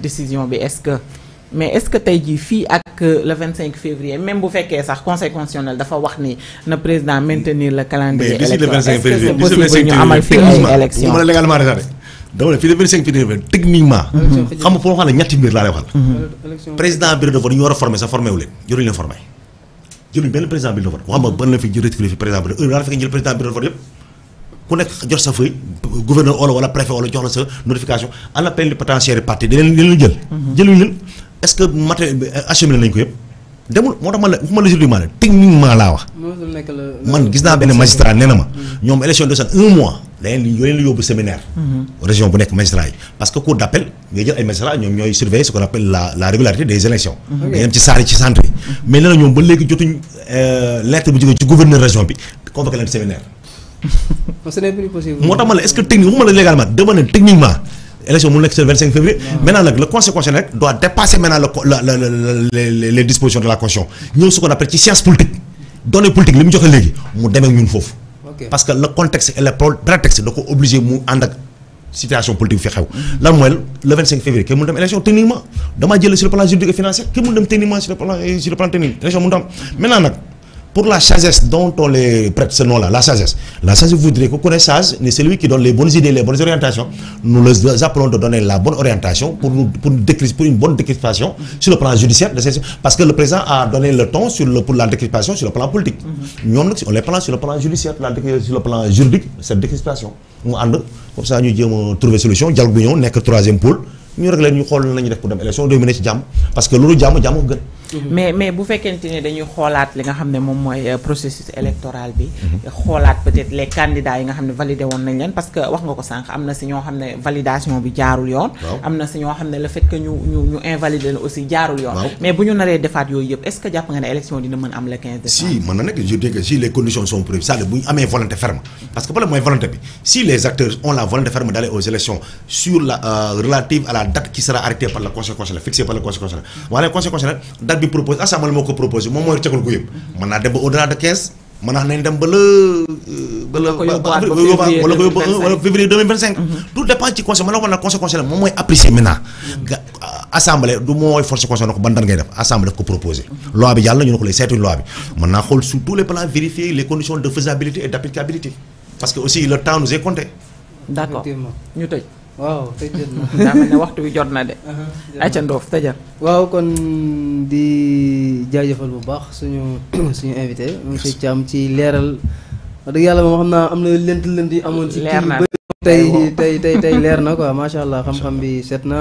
décision bi est-ce que mais est-ce que tey fi ak euh, le 25 février même bu féké sax conseil constitutionnel dafa wax ni na président maintenir le calendrier mais est le 25 février possible ñu amal fii ay élection mu légalement retardé dama ne le 25 février techniquement mm-hmm. xam nga fo xala ñatti mbir la lay waxal mm-hmm. président bureau de vote ñu wara former sa sax formé wu leen joruñu leen formé jëluñu benn président bureau de vote xam nga ban la fi jël retiré fi président bureau heure laa fekk jël président bureau de vote yépp ku nekk jot sa feuille gouverneur wala préfet wala jox sa notification à l'appel du potentiel parti leen jël. Mhm. est-ce que matériel vous avez ko yëpp. demul moo tax la ma la wax. man gis magistrat nee ma. Mm-hmm. ñoom élection de un mois. vous leen yóbbu séminaire. Mm-hmm. région bu magistrat parce que cour d' appel jël ay magistrats ñoom ñooy surveiller ce qu'on appelle la la régularité des élections. Mm-hmm. avez ci saar ci centre mais nee na ba léegi jotuñ euh, lettre bu jógee ci gouverneur région bi convoqué séminaire ce n'est plus possible. moo est-ce que techniquement légalement demain, techniquement. élection mu nekk 25 février. maintenant le conseil constitutionnel doit dépasser maintenant les dispositions de la constitution. nous ce qu'on appelle ci science politique. données politique li mu joxe léegi mu demee ñun foofu. parce que le contexte et le prétexte da ko obligé mu ànd situation politique fi xew. lan mooy le 25 février kenn mënul dem élection techniquement damaa jël sur le plan juridique et financier kenn mënul dem techniquement sur le plan sur le plan technique élection mënul am maintenant pour la sagesse dont on les prête ce nom-là, la sagesse. La sagesse voudrait qu'on connaisse sage, mais c'est lui qui donne les bonnes idées, les bonnes orientations. Nous les appelons de donner la bonne orientation pour, pour, une, bonne décrypation sur le plan judiciaire. Parce que le président a donné le ton sur le, pour la sur le plan politique. Mais mhm. Nous, on les prend sur le plan judiciaire, sur le plan juridique, cette décrypation. Nous, on, comme ça, nous avons trouvé une solution. nous n'est que troisième poule. Nous, on a fait une élection de Parce que le jam, jam, jam mais mais bu fekkente ne dañuy xoolaat li nga xam ne moom mooy euh, processus électoral bi. Mm-hmm. xoolaat peut-être les candidats yi nga xam ne validé woon nañ leen parce que wax nga ko sànq am na si ñoo xam ne validation bi jaarul yoon. am na si ñoo xam ne le fait que ñu ñu ñu invalider la aussi jaarul yoon. mais bu ñu naree defaat yooyu yëpp est-ce que jàpp nga ne élection dina mën am le 15 décembre. si mën na nekk je dis que si les conditions sont prévues ça à dire bu ñu amee volonté ferme parce que problème mooy volonté bi si les acteurs ont la volonté ferme d'aller aux élections sur la euh, relative à la date qui sera arrêtée par le conseil constitutionnel fixée par le conseil constitutionnel. le conseil constitutionnel propose assemblée ah, moo ko proposé moom mooy cagul ko yëpp mën naa dem ba au de 15 mën naa nañ dem ba ma la moom mooy apprécier maintenant mm-hmm. ga euh, assemblée du mooy force conseil na ko ban ngay def assemblée ko proposé mm-hmm. loi bi yàlla ñu ne ko lay seetuñ loi bi mën naa xool sur tous les plans vérifier les conditions de faisabilité et d' parce que aussi le temps nous est waaw tëj jot na. daa mel ne waxtu wi jot na de. ayca Ndof tëjal. waaw kon di jaajëfal bu baax suñu suñu invité monsieur Thiam ci leeral wax dëgg yàlla moom xam naa am na lënt lënt yi amoon. ci kii tey tey tey tey leer na quoi macha allah xam-xam bi set na.